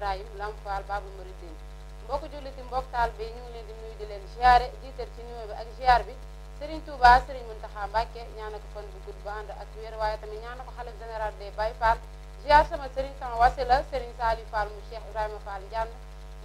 Ibrahim Lam Fall Babul Mouridine mbokk julliti mbokk taal bi ñu ngi leen di nuyu di leen ziare jiital ci numéro bi ak ziar bi Serigne Touba Serigne Mountakha Mbacké ñaana ko fan bu gudd ba ànd ak wér waaye tamit ñaana ko xalif général des Baye Fall ziar sama Serigne sama wasila Serigne Saliou Fall mu Cheikh Ibrahima Fall Ndiane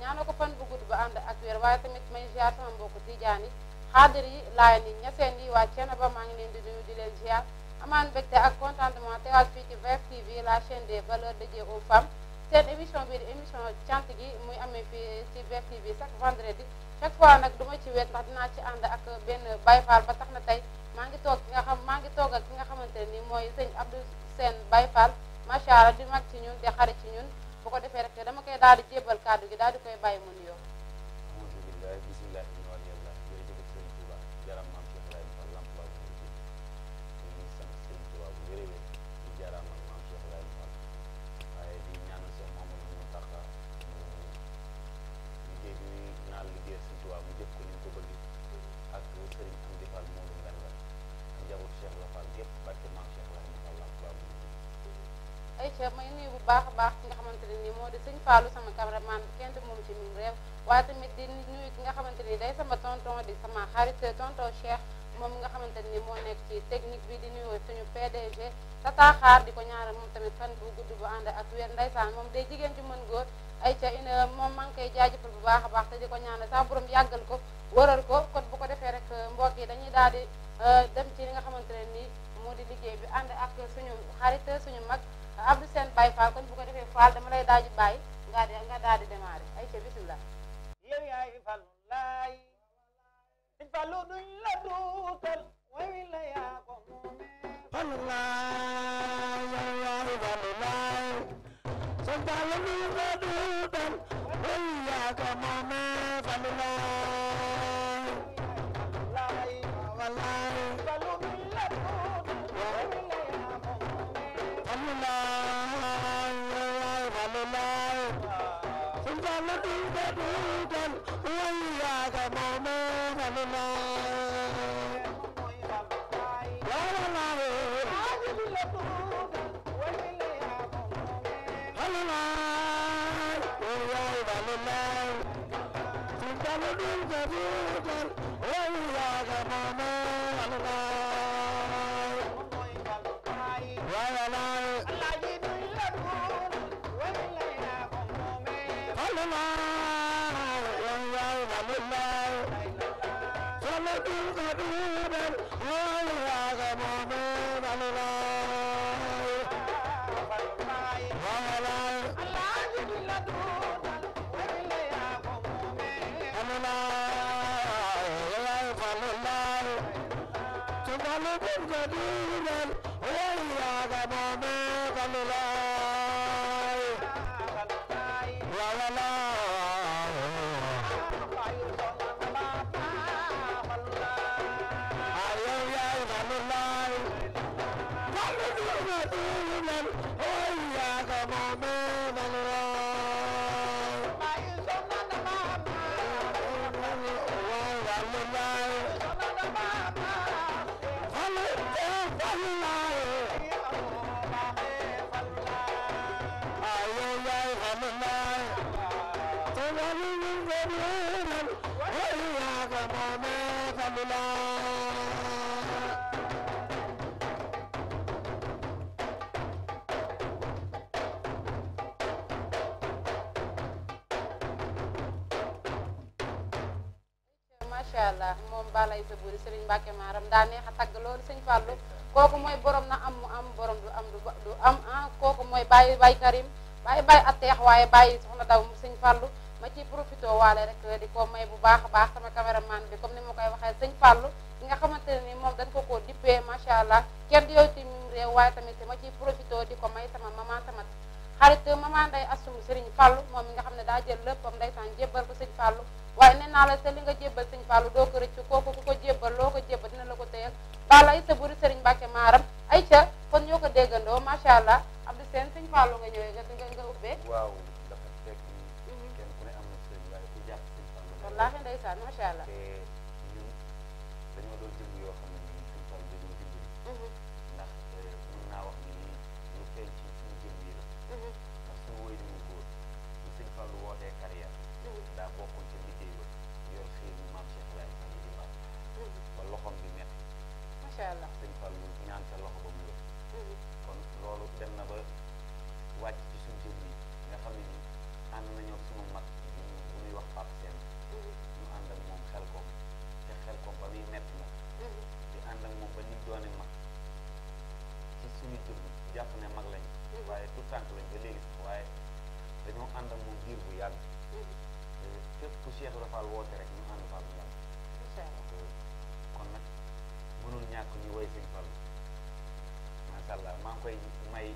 ñaana fan bu gudd ba ànd ak wér waaye tamit may ziar sama mbokk Tidiane yi xaadir yi laay ni ñeseen yi waa ceena ba maa ngi leen di nuyu di leen ziar amaan mbégte ak contentement teewaat fii ci VFtv la chaîne des valeurs dédiée aux femmes seen émission bii di émission cant gi muy amee fii ci BFTV chaque vendredi chaque fois nag duma ci wet ndax dinaa ci ànd ak benn Baye Fall ba tax na tey maa ngi toog ki nga xam maa ngi toog ak ki nga xamante ne nii mooy sëñ Abdou seen Baye Fall macha allah di mag ci ñun di xarit ci ñun bu ko defee rek dama koy daal di jébbal kàddu gi daal di koy bàyyi mu nuyoo. baax a baax ki nga xamante ne nii moo di sëñ Fallou sama cameraman bu kenn moom ci mim réew waaye tamit di nuyu ki nga xamante ni day sama tonton di sama xarit tonton Cheikh moom nga xamante ni moo nekk ci technique bi di nuyu suñu PDG tataaxaar di ko ñaanal moom tamit fan bu gudd bu ànd ak wér ndeysaan moom day jigéen ci mën góor ay moom maa ngi bu baax a baax te di ko ñaanal sa borom yàggal ko wëral ko kon bu ko defee rek euh, mbokk yi dañuy daal di euh, dem ci li nga xamante ne nii moo di liggéey bi ànd ak suñu xarit suñu mag Baye Fall kon bu ko defee Fall dama lay daal di bàyyi nga de nga daal di démarrer ay ca bisimilah. yow yaay Fallu laay Sëñ Fallu duñ la duutal way la yaa ko moomee. Fallu laay yow yaay Fallu laay Sëñ Fallu duñ la duutal way yaa ko moomee Fallu laay. laay walaay. Fallu duñ la duutal way la yaa ko moomee Fallu laay. توحيدا وإياك مؤمنا بالله Mama. Lord. macha allah moom balay sa buri Serigne Mbacke Maram daa neex a tagg loolu sëñ Fallou kooku mooy borom na am mu am borom du am du am ah kooku mooy bàyyi bay Karim bàyyi bay atteex waaye bàyyi soxna daw sëñ Fallou ma ciy profité waale rek di ko may bu baax a baax sama caméraman bi comme ni ma koy waxee sëñ Fallou ki nga xamante ne ni moom dañ ko koo dippee macha allah kenn di yow ci mim réew waaye tamit ma ciy profité di ko may sama maman sama xarit maman nday assum waaye nee naa la te li nga jébbal sëñ Fallou doo ko rëcc kooku ku ko jébbal loo ko jébbal dina la ko téyal Fallou Issa Boury Serigne Mbacke Maram Aïcha kon ñoo ko déggandoo macha allah Abdou Sène sëñ Fallou nga ñëwee nga nga ubbee. waaw dafa fekk kenn ku ne am na sëñ waaye ku jàpp sëñ Fallou. wallaahi ndeysaan macha allah. tànk lañ ba léegi waaye dañoo ànd ak moom diir bu yàgg fépp mm-hmm. ku Cheikh Rafal woote rek ñu ànd faal mu yàgg kon nag mënul ñàkk ñu woy sëñ Fall macha allah maa ngi koy may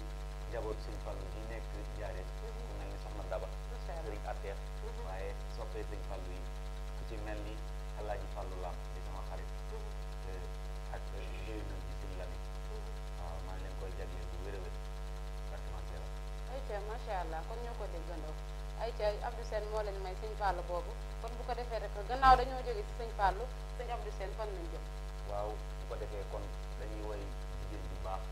njaboot sëñ Fall di nekk jaareen ku mm-hmm. mel ni soxna Daba sëriñ Ateef mm-hmm. waaye soppee sëñ Fall yi ku ci mel ni Alaaji Fallu Lam laa kon ñoo ko déggandoo ay ci ay Abdou Sène moo leen may sëñ Fallou boobu kon bu ko defee rek gannaaw dañoo jógee ci sëñ Fallou sëñ Abdou Sène fan lañ jëm waaw bu ko defee kon dañuy woy jigéen bu baax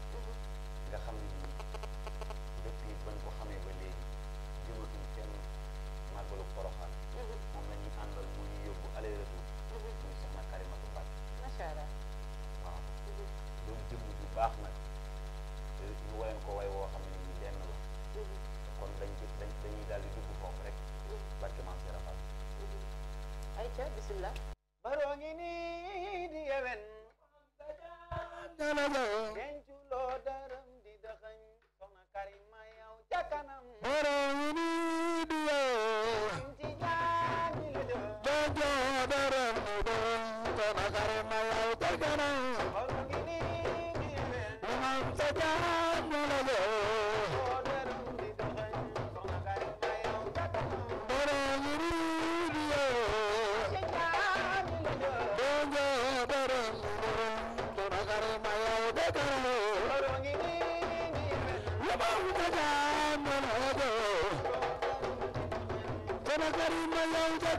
kanam la denculoo dërëm di dëxëñ soxna Karima yow ca kanam borom ni di yow ci jaani li dë joojoo dërëm di dëxëñ soxna Karima yow ca kanam borom ni di yow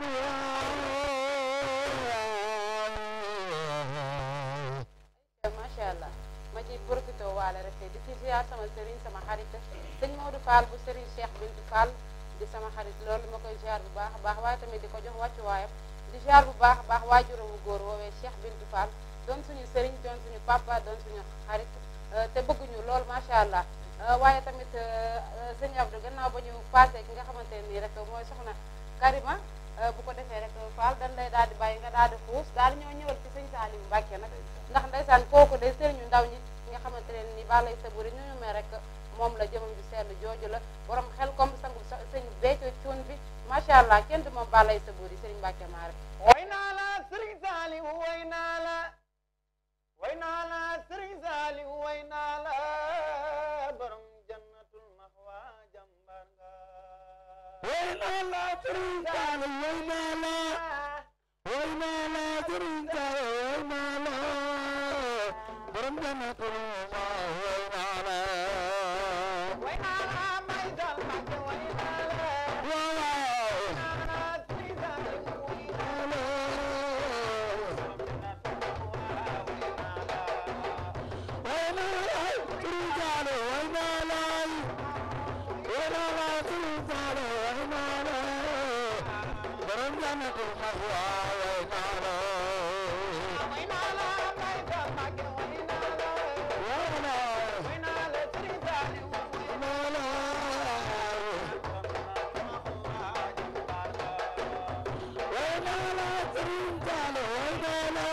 Yeah. Fall RFM di ci ziar sama sëriñ sama xarit sëñ Maodo Fall bu sëriñ Cheikh Bintu Fall di sama xarit loolu ma koy ziar bu baax a baax waaye tamit di ko jox wàccuwaayam di ziar bu baax a baax waajuram bu góor woowee Cheikh Bintu Fall doon suñu sëriñ doon suñu papa doon suñu xarit euh, te bëgguñu lool macha allah euh, waaye tamit euh, sëñ Abdou gannaaw ba ñu passé ki nga xamante nii rek mooy soxna Karima bu ko defee rek Fall dañ lay daal di bàyyi nga daal di xuus daal ñoo ñëwal ci sëñ Saliou Mbacke nag ndax ndeysaan kooku day ndaw ñi xamante ne ni balay sa buri ñu ñu mee rek moom la jëmam ju seetlu jooju la borom xel comme sangu sëñ Béthio Thioune bi macha allah kenn du moom balay sa buri sëriñ Mbacke Maare way naa la sëriñ Saliou way naa la way naa la sëriñ Saliou way naa la borom jannatul mahwa jàmbar nga way naa la sëriñ Saliou way naa la way naa la sëriñ Saliou way naa la borom jannatul Hallelujah.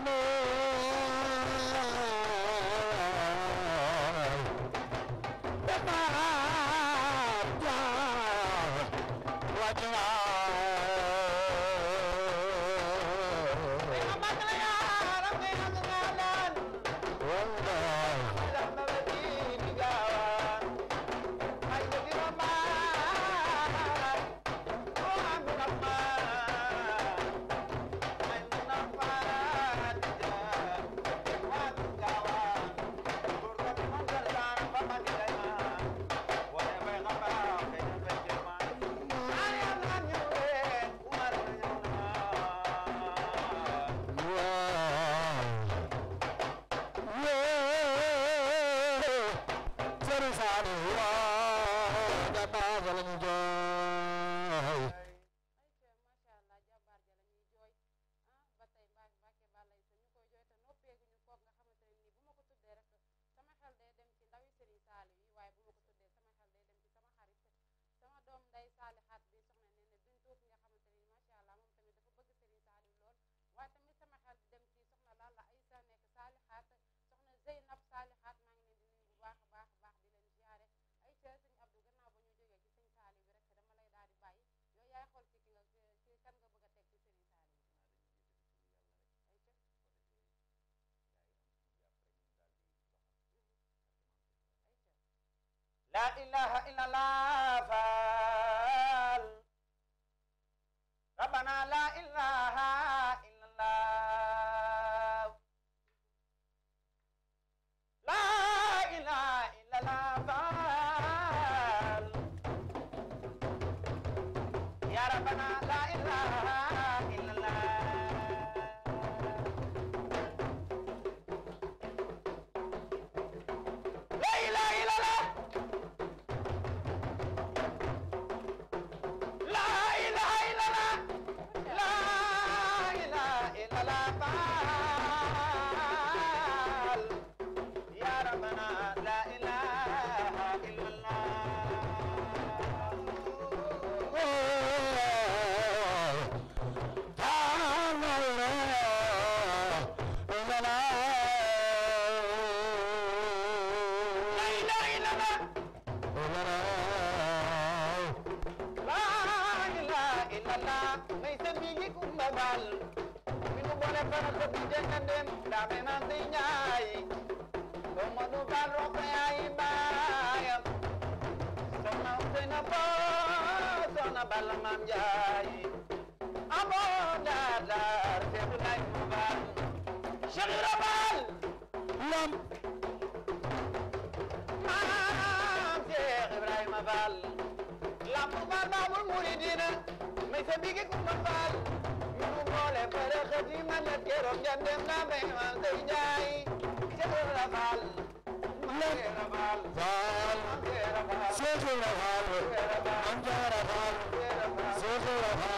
Amen. Solomon إله إلا الله فال ربنا لا إله إلا الله Yàlla maam jaay amoon daar daar Seydou Laye Moubaal Cheikh Ibra Fall lam maam Cheikh Ibrahima Fall lam Moubaal Baabul Muridina may sa bigi kumbal Fall ñu boole bare xati ma net keroog jam dem na may maam say jaay Cheikh Ibra Fall lam Fall Cheikh Ibra Fall am jaara Fall Oh,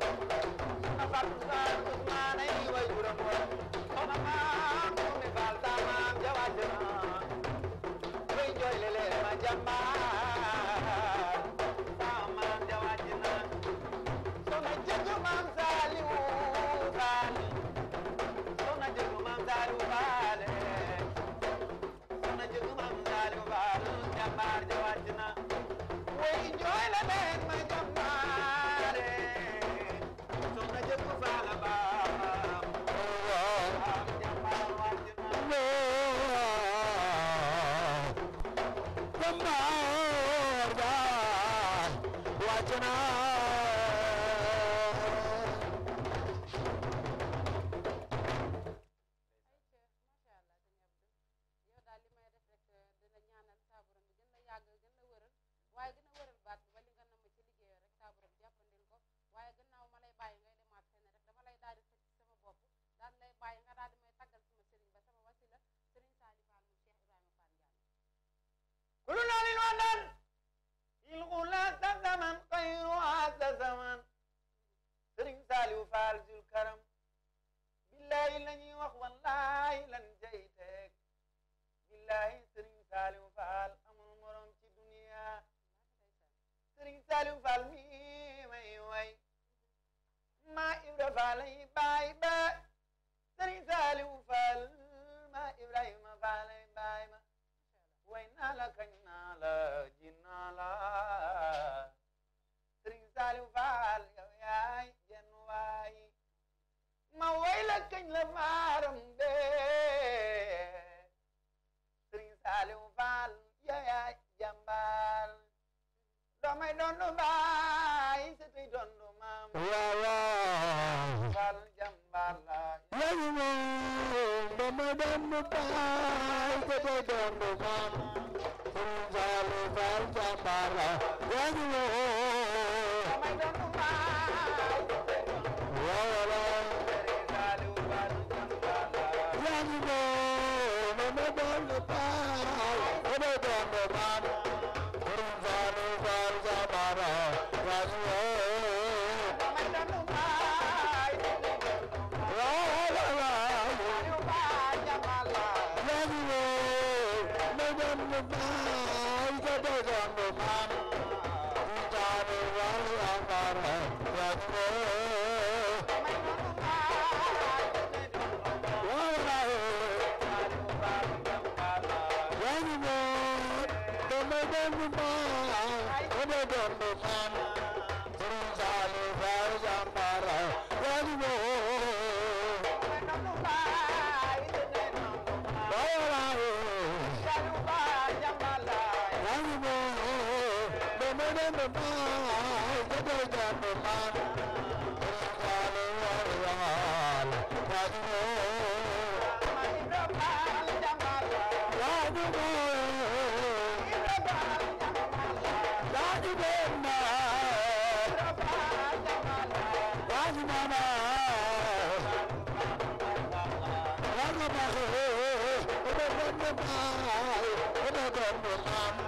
Thank you. waaye gën a wëral baat bi ba li nga nam ci liggéeyoo rek saa borom jàppandil ko waaye gannaaw ma lay bàyyi ngay demaat fenn rek dama lay daal di xëcc sama bopp daal lay bàyyi nga daal di may taggal sama sëriñ ba sama wasila sëriñ Saali Faal mu Cheikh Ibrahima Fall Ndiaye kulu naa lin wa dan il xulaasa zaman xayru asa zaman sëriñ Saaliwu Faal jul karam billahi la ñuy wax wallahi lan jay teeg billahi sëriñ Saaliwu Faal sëriñ Saliou la kañ naa la ji naa la sëriñ got Bye. Oh, my God.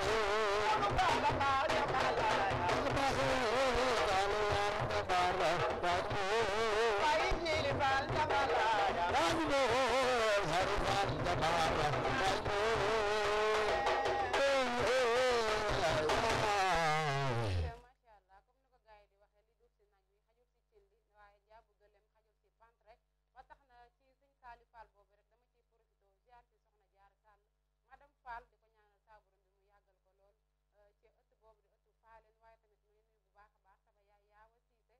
Fall di soxna Jaara Sall madame Fall di ko ñaanal saa borom bi mu yàggal ko lool euh, ci ëtt boobu di ëttu Falleen waaye tamit muy nuyu bu baax a baax sama yaay yaawa siise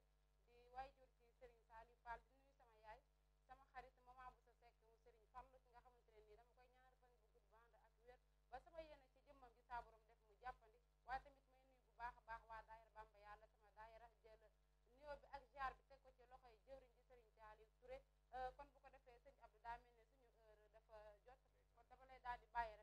di waajur ci Serigne Saliou Fall sama yaay sama xarit maman bu sa sekk mu Serigne Fallu ki nga xamante ne nii dama koy ñaanal fan bu ak wér ba sama yéene ci jëmmam gi saa borom def mu jàppandi waaye tamit may nuyu bu baax a baax waa daayira Bamba yàlla sama daayira jël nuyoo bi ak jaar bi teg ko ci loxoy jëwriñ di Serigne Saliou Touré euh, kon Sociedade Baiana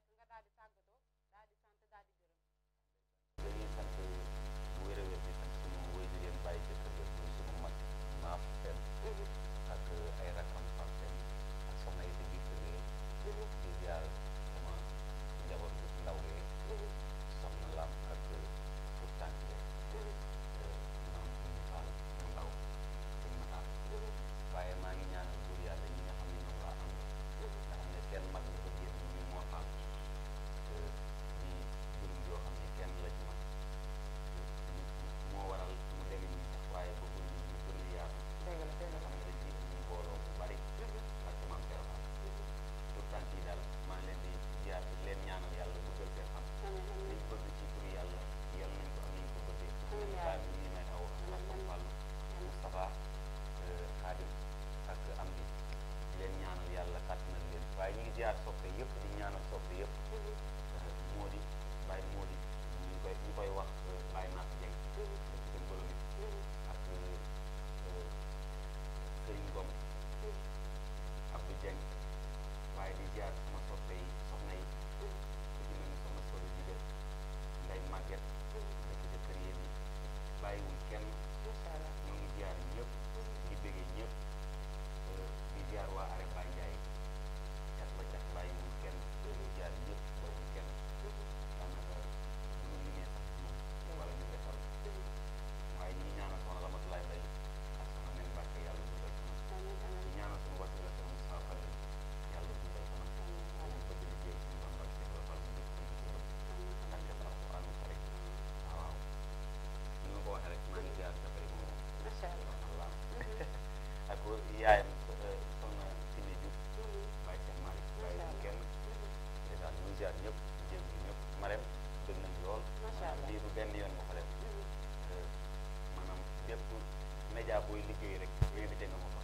booy liggéey rek réalité nga ma fa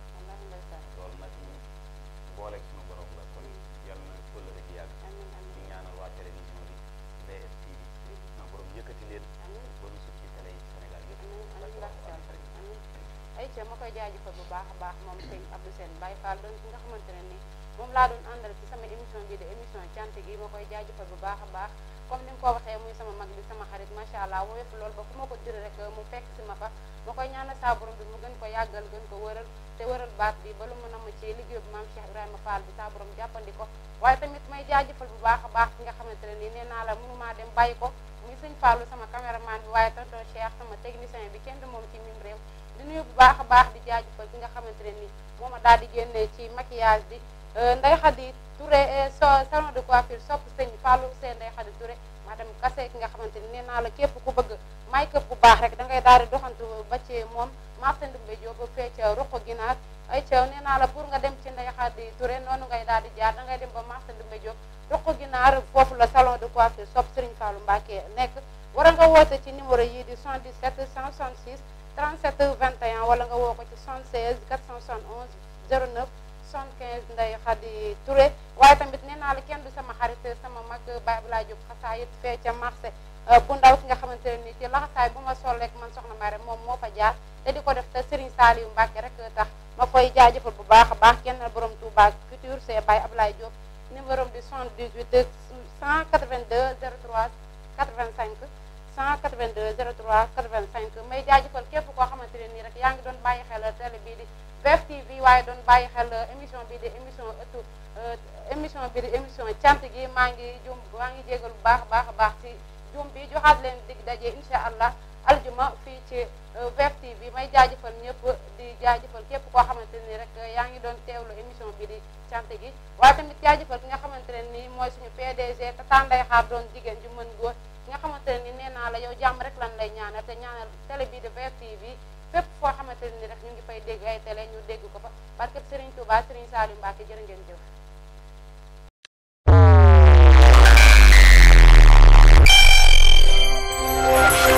loolu nag ma booleeg suñu borom la kon yal na kóllëre gi yàgg ñu ñaanal waa télévision bi DSTV sama borom yëkkati leen ba ñu sut ci télé yi Sénégal yëpp ma koy jaajëfal bu baax a baax moom sëñ Abdou Sène Baye Fall doon ki nga xamante ne ni moom laa doon àndal ci sama émission bi de émission cant gi ma koy jaajëfal bu baax a baax comme ni nga ko waxee muy sama mag bi sama xarit macha allah woyof lool ba ku ko jëlee rek mu fekk si ma fa ba koy ñaanal saa borom bi mu gën ko yàggal gën ko wëral te wëral baat bi ba lu mën a mu ci liggéey bu maam Cheikh Ibrahima Fall bi saa borom ko waaye tamit may jaajëfal bu baax a baax ki nga xamante ne nii nee naa la mënumaa dem bàyyi ko muy sëñ faalu sama caméraman bi waaye tonton Cheikh sama technicien bi kenn du moom ci mim réew di nuyu bu baax a baax di jaaj jaajëfal ki nga xamante ne nii moo ma daal di génnee ci maquillage bi euh, Ndeye Khady Touré euh, salon de coiffure sopp sëñ Fallou seen Ndeye Khady Touré madame Kassé ki nga xamante ne nee naa la képp ku bëgg may këpp bu baax rek da ngay daal di doxantu ba ci moom Martin Dumbe Diop fee ca ruq ginaar ay ceew nee naa la pour nga dem ci Ndeye Khady Touré noonu ngay daal di jaar da ngay dem ba Martin Dumbe Diop ruq ginaar foofu la salon de coiffure sopp Serigne Fallou Mbacké nekk wara nga woote ci numéro yii di 77 166 37 21 wala nga woo ko ci 76 471 09 75 Ndeye Khady Touré waaye tamit nee naa la kenn du sama xarit sama mag Baye Abdoulaye Diop xasaayit fee ca marché ku ndaw ki nga xamante ne nii ci laxasaay bu ma sol rek man soxna Maare moom moo fa jaar te di ko def te Serigne Saliou Mbacke rek tax ma koy jaajëfal bu baax a baax kenn borom Touba culture c'est Baye Ablaye Diop numéro bi 78 182 03 85 182 03 85 may jaajëfal képp koo xamante ne nii rek yaa ngi doon bàyyi xel télé bii di VFtv waaye doon bàyyi xel émission bii di émission ëttu émission bii jum juum bi joxaat leen dig daje incha allah aljuma fii ci VF euh, TV may jaajëfal ñëpp di jaajëfal képp koo xamante ni rek yaa ngi doon teewlu émission bi di cant gi waaye jaaj jaajëfal ki nga xamante ne nii mooy suñu PDG te tànday xaar doon jigéen ju mën góor nga xamante ne ni nee naa la yow jàmm rek lan lay ñaanal te ñaanal télé bi de VF TV fépp foo xamante ne ni rek ñu ngi fay dégg ay télé ñu dégg ko fa parce que Serigne Touba Serigne Saliou Mbacke jërë ngeen jëf Thank